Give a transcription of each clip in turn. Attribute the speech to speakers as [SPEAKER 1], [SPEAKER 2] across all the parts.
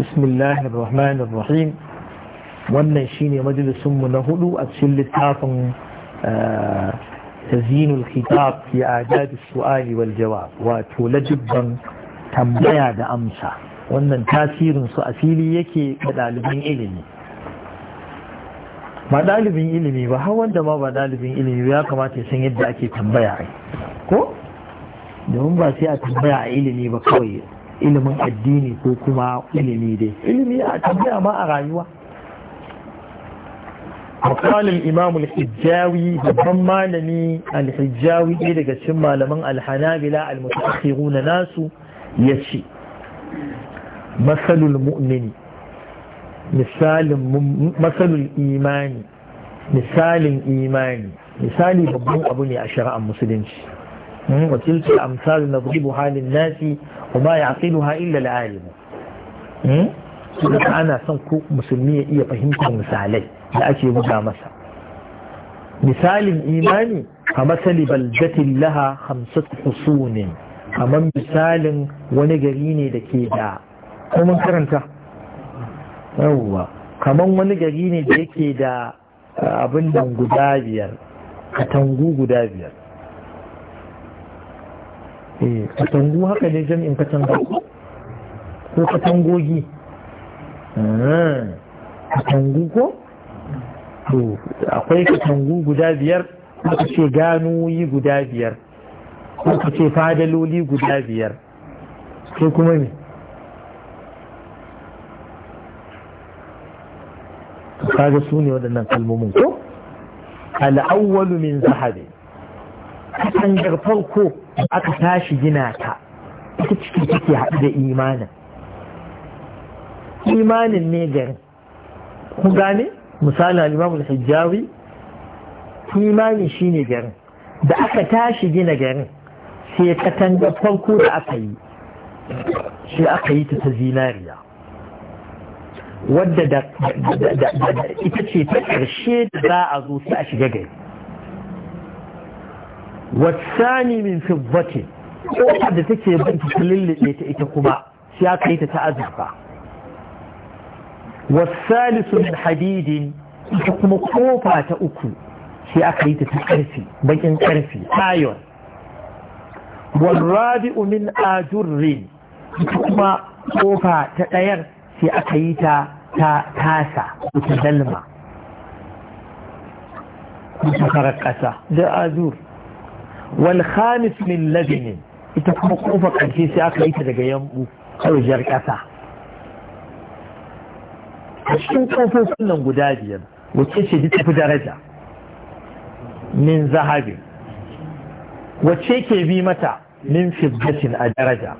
[SPEAKER 1] بسم الله الرحمن الرحيم wannan shine majalisunmu na hudu a cikin littafin eh, tazinul khitab ya adab su'ali wal jawab wato lajibban tambaya da amsa wannan tasirin su a fili yake ga dalibin ilimi ba dalibin ilimi ba har wanda ma ba dalibin ilimi ya kamata ya san yadda ake tambaya ko domin ba sai a tambaya a ilimi ba kawai ilimin addini ko kuma ilimi dai ilimi a tambaya ma a rayuwa Makalin imamul Al-Hijjawi babban malami Al-Hijjawi ɗaya daga cikin malaman alhanabila hanabila al na nasu ya ce, Masalul mu'mini, misalin masalul imani, misalin imani, misali babban abu ne a shari'ar musulunci. وتلك الأمثال نضربها للناس وما يعقلها إلا العالم أنا سنك مسلمية إيا فهمكم مثالي لا مجا مجامسة مثال إيماني فمثل بلدة لها خمسة حصون كما مثال ونجريني لكيدا ومن كرنتا أوه kamar wani gari ne da yake da abin da guda biyar katangu guda biyar Eh, katangu haka ne jami'in katanga ko katangogi eh, katangu ko to akwai katangu guda biyar ko ka ce ganoyi guda biyar ko ka ce fadaloli guda biyar sai kuma ne kaga su ne waɗannan kalmomin ko al'awwalu min zahabi katangar farko aka tashi gina ta ita ciki take haɗu da imanin imanin ne garin ku gane misalin al'imamu da al-hijjawi imanin ne garin da aka tashi gina garin sai da farko da aka yi shi aka yi ta ta zinariya wadda da ita ce ta ƙarshe da za a zo sai a shiga gari wasani min fiddati kofar da take bin ta lullube ta ita kuma sai aka yi ta ta azurfa wasalisu min hadidin ita kuma ta uku sai aka yi ta ta karfi bakin karfi iron والرابع من آجر kuma kofa ta ɗayar sai aka yi ta tasa dalma ta ƙasa da azur wal khamis min ita kuma kofa karfe sai aka yi ta daga yambu haujar ƙasa a cikin ƙofofin nan guda biyar wace ce ta daraja min zahabi Wace ke bi mata min fiddatin a daraja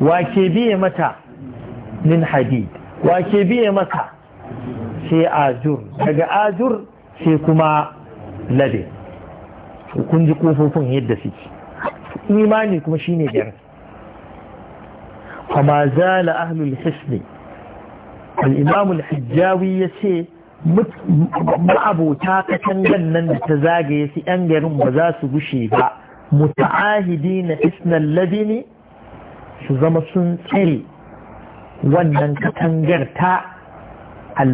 [SPEAKER 1] wa ke biye mata min hadid wa ke biye mata sai azur daga azur sai kuma labin kunji kun ji kofofin yadda suke imani kuma shine biyar fama zala ahlul hisni al-imam al ma'abota katangan nan da ta zagaye su yan garin ba za su gushe ba muta'ahidi na isnan ladini su zama sun tsare wannan katangar ta ka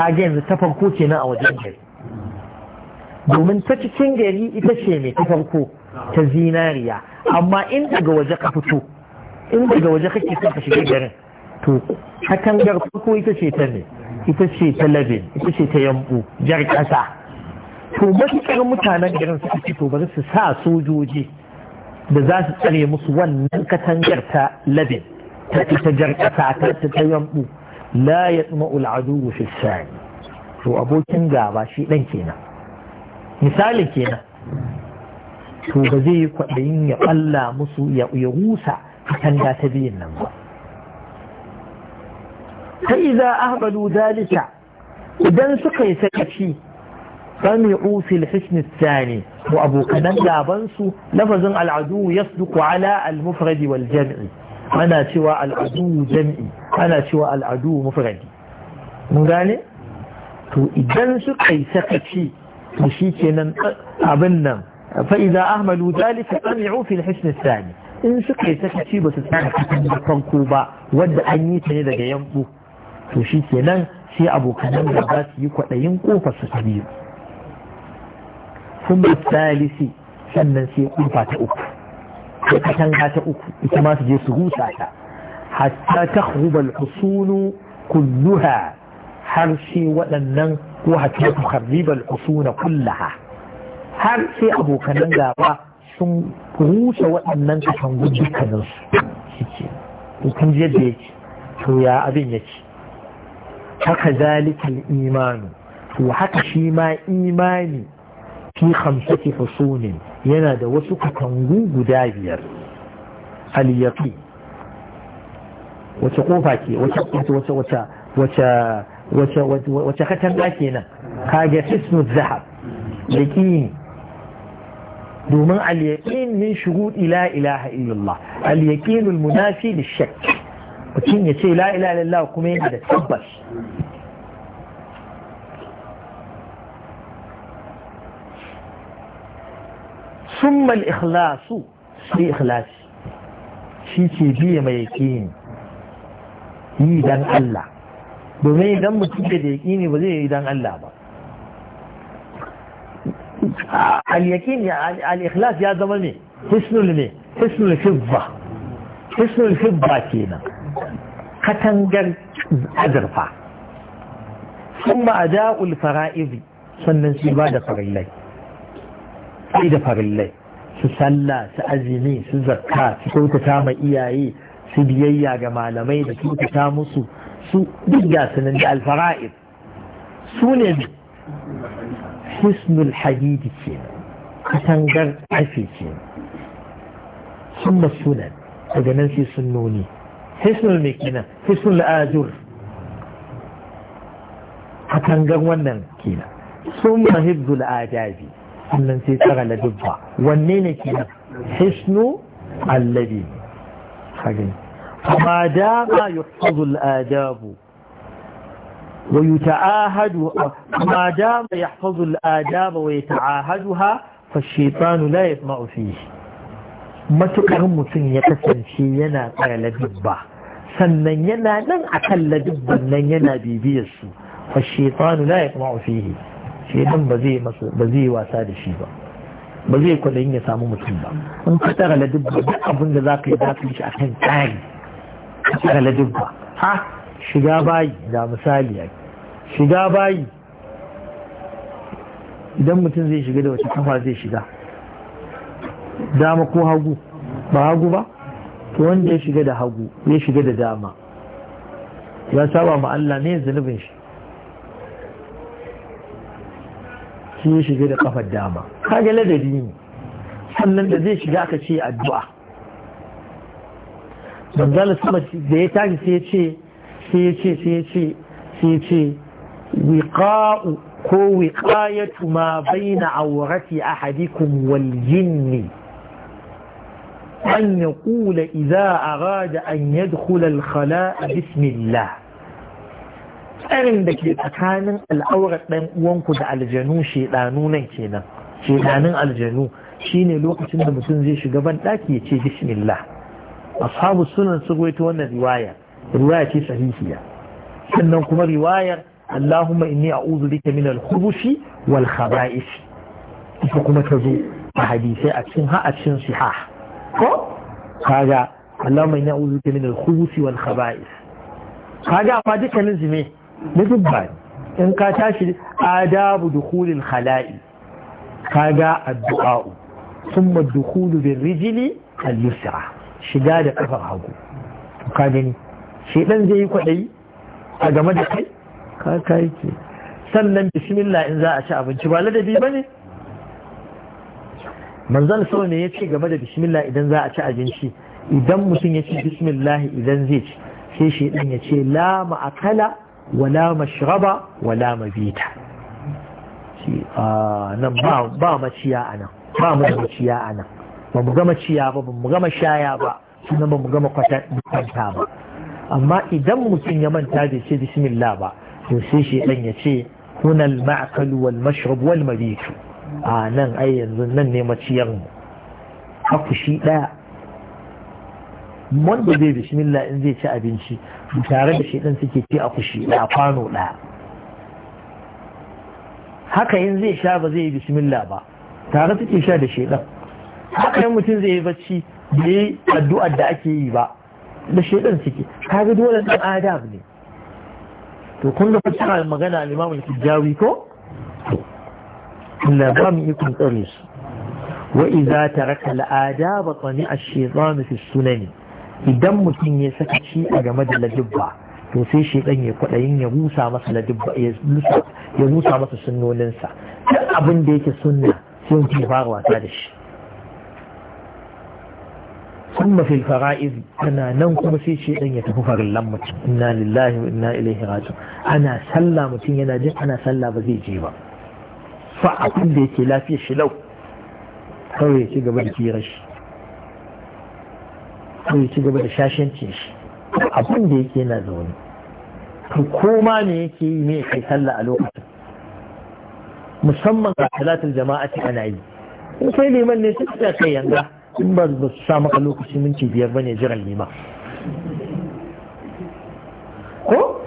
[SPEAKER 1] kage yanzu ta farko kenan a wajen gari domin ta cikin gari ita ce mai ta farko ta zinariya amma in daga waje ka fito in daga waje kake son ka shiga garin to katangar farko ita ce ta ne ita ce ta labin ita ce ta yambu jar kasa to matuƙar mutanen garin suka ce to bari su sa sojoji da za su tsare musu wannan katangar ta labin ta ita jar kasa ta ta yambu la ya ul'adu al'adu fi shani to abokin gaba shi dan kenan misali kenan to ba zai yi kwaɗayin ya ɓalla musu ya rusa katanga ta biyan nan ba ta iza ahbadu zalika idan suka yi sakaci sami fil hisn tsani wa abokanan gabansu lafazin al'adu yasduqu ala al-mufradi wal jami'i, ana cewa al'adu jami'i, ana cewa al'adu mufradi mun gane to idan suka yi sakaci to shi kenan abin nan fa'iza ahmalu zalika tsami'u fil hisn sani in suka yi sakaci ba su tsara cikin farko ba wadda an yi ta ne daga yanku to shi kenan sai abokanan da za su yi kwaɗayin ƙofa su ta biyu kuma salisi sannan sai ƙofa ta uku ko katanga ta uku ita ma su je su rusa ta hatta ta hubal husunu kulluha har shi waɗannan ko hatta tukharriba al na kullaha har sai abokanan gaba sun rushe waɗannan katangu dukkanin su shike kun ji yadda yake to ya abin haka zalikal imanu to haka shi ma imani fi khamsati fusunin yana da wasu katangu guda biyar kofa وتختم أكينا هذا اسمه الذهب لكين دوما اليقين من شهود لا إله إلا الله اليقين المنافي للشك وكين يتي لا إله إلا الله وكمين هذا تبس ثم الإخلاص في إخلاص في تبيه ما يكين إذا الله domin idan mutum da yaƙini ba zai yi idan Allah ba al-yaqin al-ikhlas ya zama ne hisnul ne hisnul fibba hisnul fibba kenan katangar azurfa sun ba a da'ul fara'izi sannan su ba da farillai sai da farillai su salla su azumi su zakka su kyautata ma iyaye su biyayya ga malamai da kyautata musu su duk ga sunan da alfara'id su ne hisnul hadidi ce katangar ƙarfe ce sun ba sunan daga nan sai sun noni hisnul mai kenan hisnul ajur katangar wannan kenan sun ma hibzul ajabi sannan sai tsara ladubba wanne ne kenan hisnu allabi hagani فما دام يحفظ الآداب ويتعاهد فما دام يحفظ الآداب ويتعاهدها فالشيطان لا يطمع فيه matukar mutum ya kasance yana tsara ladubba sannan yana nan a kan ladubban nan yana bibiyar su fa shaitanu la yaqma'u fihi shaitan ba zai ba zai wasa da shi ba ba zai kwadayin ya samu mutum ba in ka tsara ladubba duk abin da zaka yi yi shi akan tsari ka tsara ha shiga bayi da misali shiga bayi idan mutum zai shiga da wata kafa zai shiga dama ko hagu ba hagu ba to wanda ya shiga da hagu ya shiga da dama ya saba ma Allah ne zunubin shi shi ya shiga da kafa dama kage ladabi ne sannan da zai shiga aka ce addu'a manzala sama da ya tashi sai ya ce sai ya ce sai ya ce sai ya ce wiqa'u ko wiqayatu ma baina awrati ahadikum wal jinni أن يقول إذا bismillah tsarin da ke tsakanin al'aurar ɗan uwanku da aljanu shedanu nan kenan shedanin aljanu shine lokacin da mutum zai shiga ban ɗaki ya ce bismillah ashabu sunan su gwaito wannan riwaya riwaya ce sahihiya sannan kuma riwayar Allahumma inni a'udhu bika min al-khubuthi wal khaba'ith ita kuma ta zo a hadisai a cikin ha a cikin sihah ko kaga Allahumma inni a'udhu bika min al-khubuthi wal khaba'ith kaga amma dukkanin su na dubba in ka tashi adabu dukhulil khala'i kaga addu'a ثم الدخول بالرجل اليسرى shiga da kafar hagu ka gani shedan zai yi kwaɗayi a game da kai ka kai ke sannan bismillah in za a ci abinci ba ladabi ba ne manzan sau ne ya ce game da bismillah idan za a ci abinci idan mutum ya ce bismillah idan zai ci sai shedan ya ce la ma'akala la mashraba wala mabita ah, nan ba maciya a nan ba mu da maciya a nan ba mu gama ciya ba ba mu gama shaya ba sannan ba mu gama kwanta ba amma idan mutum ya manta da ce bismillah ba to sai shi dan ya ce hunal ma'kalu wal mashrab wal mabitu a nan ai yanzu nan ne maciyar mu haku shi daya wanda zai bismillah in zai ci abinci tare da shaidan suke ci a kushi a kwano daya haka in zai sha ba zai yi bismillah ba tare suke sha da shaidan haka yin mutum zai yi bacci da yi addu'ar da ake yi ba da shaidan suke ga dole ɗan adab ne to kun ga fasara magana a imamu kijjawi ko Allah ba mu ikon tsare su wa idza taraka al-adab tani ash-shaytan fi sunani idan mutum ya saka ci a game da ladubba to sai shaidan ya kwadayin ya rusa masa ladubba ya rusa masa sunnoninsa duk abin da yake sunna sai mutum ya fara wasa da shi ثم في الفرائض أنا ننكم في شيء يتففر اللمة إنا لله وإنا إليه راجعون أنا سلا ba ينادي أنا سلا بزي جيبا فأقول لك لا في شلو kawai ci gaba da kira shi kawai ci gaba da shashancin shi abin da yake yana zaune to koma ne yake yi ne kai sallah a lokacin musamman ga talatul jama'a ce ana yi in sai liman ne su kai yanga in ba su sa maka lokaci minti biyar ba ne jiran liman ko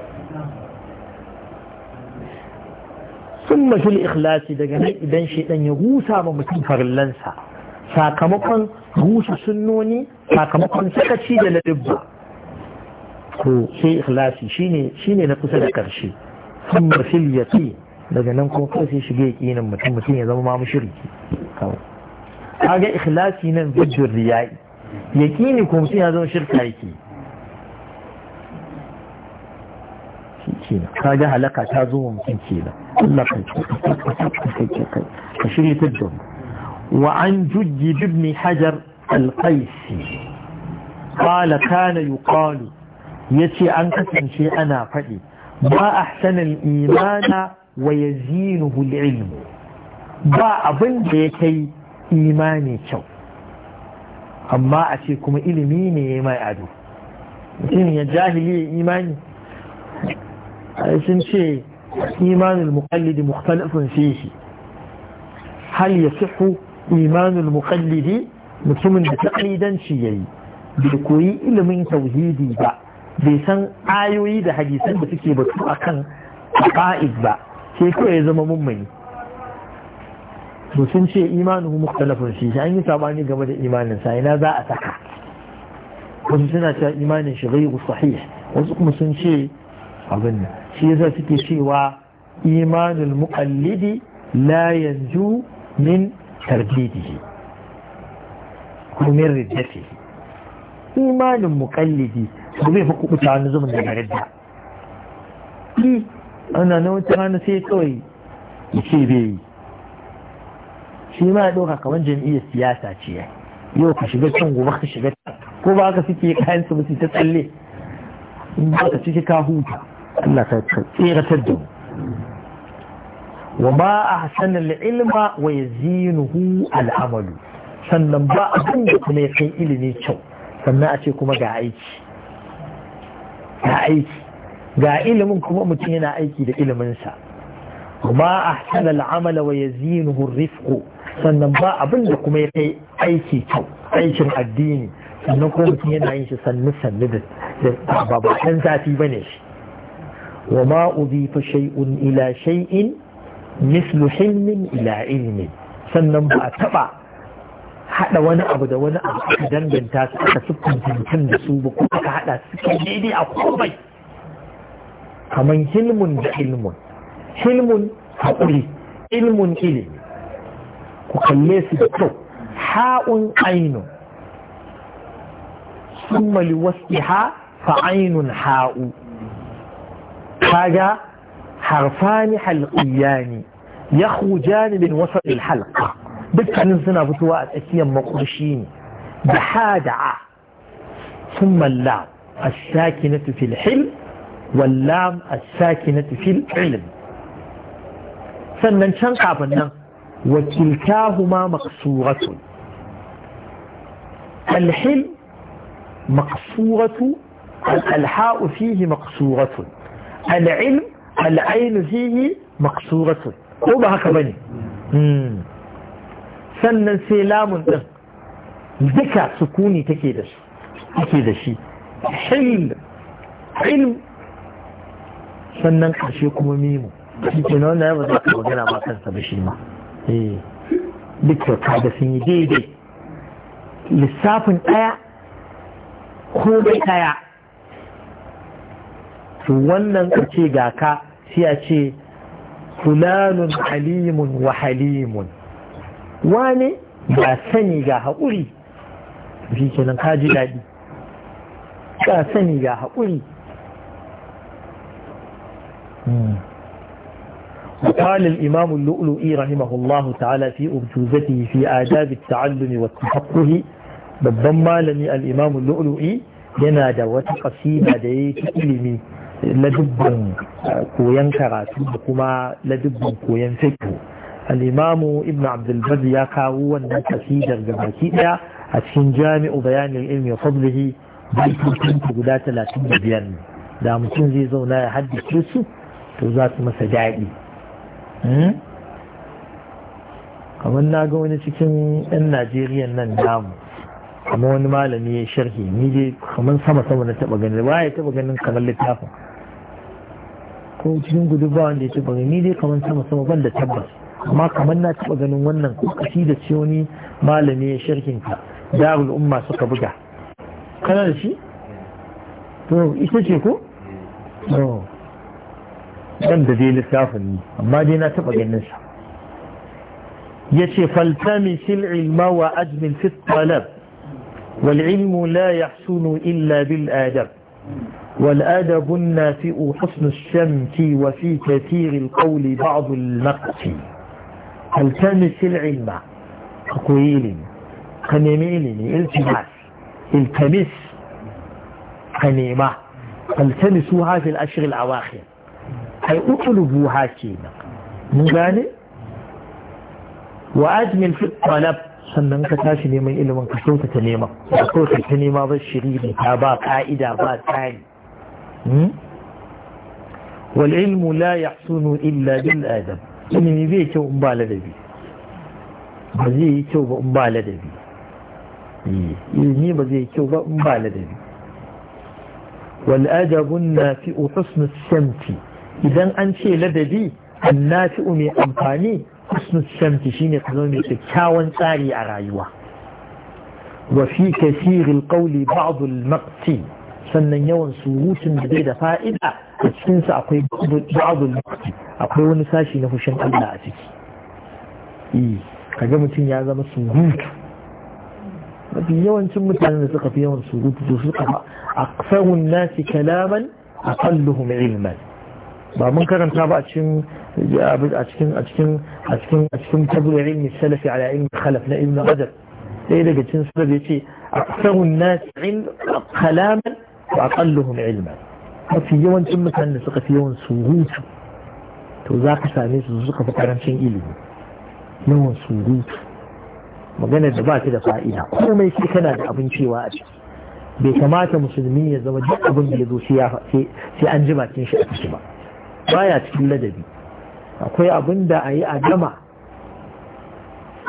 [SPEAKER 1] sun mafi ikhlasi daga nan idan shaidan ya gusa ma mutum farillansa sakamakon gusa sunnoni sakamakon sakaci da dubba, ko sai ikhlasi shine na kusa da karshe sun mafi yaqin daga nan kuma kai sai shige yaqinin mutum mutum ya zama ma mushriki kawai هذا اخلاصی نن ضد ریای یکی نکوم هذا از اون شرک هایی کی کینا اگه حلقه الله قیل اشری تدوم وعن جج ابن حجر القيسي قال كان يقال يتي أنك تنشي أنا فدي ما أحسن الإيمان ويزينه العلم با أبن بيكي imani kyau amma a ce kuma ilimi ne ya mai ado mutum ya jahili ya imani sun ce imanul muqallidi mukhtalafun fihi hal yasihu imanul muqallidi mutumin da taqlidanci yayi bai koyi ilimin tauhidi ba bai san ayoyi da hadisan da suke batu akan aqaid ba sai kawai ya zama mummuni to sun ce imanuhu mukhtalafun shi an yi sabani game da imanin sa ina za a saka wasu suna cewa imanin shi ghayru sahih wasu kuma sun ce abin nan shi yasa suke cewa imanul muqallidi la yanju min tarjidihi ko min riddatihi imanin muqallidi ba zai fi kuta wani zumin daga ridda ana na wata rana sai kawai ya ce bai yi shi ma ya ɗauka kamar jam'iyyar siyasa ce yau ka shiga can gobe ka shiga ko ba ka suke kayan su musu ta tsalle in ba ka ciki ka huta Allah ka tseratar da mu wa ba a hasanar ilma wa ya zinuhu al'amalu sannan ba abin da kuma ya kai ilimi kyau sannan a ce kuma ga aiki ga aiki ga ilimin kuma mutum yana aiki da iliminsa ba a hasanar amala wa ya zinuhu rifko sannan ba abin da kuma ya kai aiki kyau aikin addini sannan kuma mutum yana yin shi sannu sannu da ba ba zafi ba ne shi wa ma udifa shay'un ila shay'in mislu hilmin ila ilmin sannan ba a taɓa haɗa wani abu da wani abu aka danganta su aka siffanta mutum da su ba ko aka haɗa su kai daidai a komai kamar hilmun da ilmun hilmun haƙuri ilmun ilimi ku kalle su da kyau ha'un ainun summa liwasqiha fa ainun ha'u kaga harfani halqiyani yakhrujani min wasu alhalqa dukkanin suna fitowa a tsakiyar makurshi ne da sun malla a as na fil hilm wal a as na fil ilm sannan can kafin nan وكلتاهما مقصورة الحل مقصورة الحاء فيه مقصورة العلم العين فيه مقصورة قوبة هكذا سنة سلام ذكى سكوني تكيدش تكيدشي حل علم سنن قرشيكم ميمو لكن هنا يوجد أكبر جنة ما تنسى بشيما Eh, duka kada sun yi daidai lissafin ɗaya bai ɗaya to wannan kace ce ga ka sai a ce fulanun halimun wa halimun wane ba sani ga haƙuri fi kenan ka daɗi ka sani ga haƙuri hmm. وقال الإمام اللؤلؤي رحمه الله تعالى في أبتوزته في آداب التعلم والتفقه بضم لم الإمام اللؤلؤي ينا دوات قصيدة ديك علمي لدب كوين كرات بكما لدب كوين فكه الإمام ابن عبد البر يقاو أن قصيدة الجماكية أتشين جامع بيان العلم وفضله بيت كنت قدا ثلاثين بيان دام تنزيزونا حد كرسو توزات مسجعي Hmm? kamar na ga wani cikin 'yan Najeriya nan damu kamar wani malami ya sharhi ni dai kamar sama sama na taba ganin ba ya taba ganin kamar littafin ko cikin gudu ba wanda ya taba ganin ni dai kamar sama sama ban da tabbas amma kamar na taba ganin wannan kasi da ce wani malami ya sharhin ka darul al'umma suka buga kana da shi to ita ce ko dan da dai lissafin amma dai na taba ganin sa ya ce faltamin ilma wa ajmin fi talab wal ilmu la yahsunu illa bil adab wal adab nafi'u husnu shamti wa fi kathir al qawli ba'd al naqsi faltamin ilma akwai ilimi ka nemi ilimi iltimas iltamis kanema nema faltamisu hafi al ashr al awakhir هاي اطلبوا هاكينا مغاني وأجمل في الطلب سنن كتاشي نيمي إلا من كسوتة نيمة كسوتة نيمة ضي الشريف متابا قائدة بات تالي والعلم لا يحسن إلا بالآدم إنني بيه كو أمبالة دبي بزيه كو أمبالة دبي إنني بزيه كو أمبالة دبي والأدب النافئ حسن السمت idan an ce ladabi annafi'u mai amfani husnul shamti shine ka zama mai kyakkyawan tsari a rayuwa wa fi kasiril qawli ba'd al-maqti sannan yawan surutun da bai da fa'ida a cikin sa akwai ba'd al-maqti akwai wani sashi na fushin Allah a ciki eh kaga mutum ya zama surutu mafi yawancin mutanen da suka fi yawan surutu su suka aksarun nasi kalaman aqalluhum ilman ba mun karanta ba a cikin a cikin a cikin a cikin a cikin tabi'in ilmi salafi ala ilmi khalaf na ibn rajab sai daga cikin sabab yace aktharun nas ilm kalaman wa aqalluhum ilma mafi yawancin mutanen da suka fi yawan surutu to za ka same su suka fi karancin ilimi yawan surutu magana da ba ta da fa'ida komai sai kana da abin cewa a ciki bai kamata musulmi ya zama duk abin da ya zo sai an ji bakin shi a ciki ba baya cikin ladabi akwai abin da a yi a gama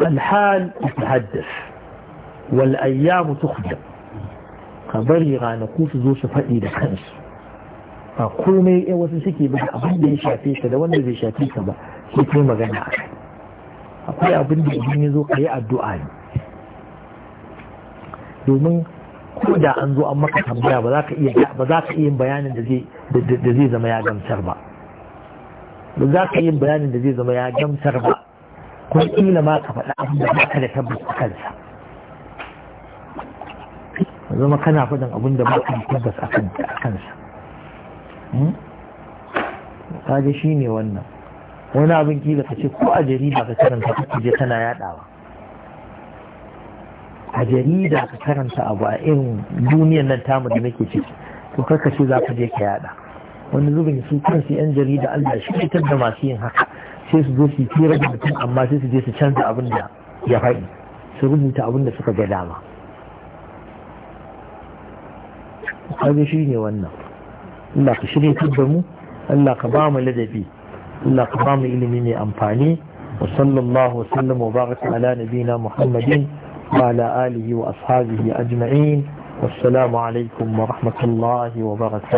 [SPEAKER 1] alhal tahaddas wal ayyamu ka bari ranaku su zo su faɗi da kansu a komai ya eh, wasu suke ba abin da ya shafe ka da wanda zai shafe ka ba su kai magana a kai akwai abin da ya zo ka yi addu'a ne domin ko da an zo an maka tambaya ba za ka iya yin bayanin da zai da zai zama ya gamsar ba ba za ka yi bayanin da zai zama ya gamsar ba ko kila ma ka faɗa abin da baka da tabbas a kansa zama kana faɗin abin da baka da tabbas a kansa hmm? kaje shi ne wannan wani abin kila ka ce ko a jarida ka karanta kake je kana yaɗawa a jarida ka karanta abu a irin duniyar nan tamu da nake ciki to kaka ce za ka je ka yaɗa wani zubin su kansu yan jarida Allah shi fitar da masu yin haka sai su zo su yi fira da mutum amma sai su je su canza abin da ya faɗi su rubuta abin da suka ga dama kaga shi ne wannan Allah ka shirya da mu Allah ka ba mu ladabi Allah ka ba mu ilimi mai amfani wa sallallahu sallam wa baraka ala nabina Muhammadin wa ala alihi wa ashabihi ajma'in والسلام عليكم ورحمه الله وبركاته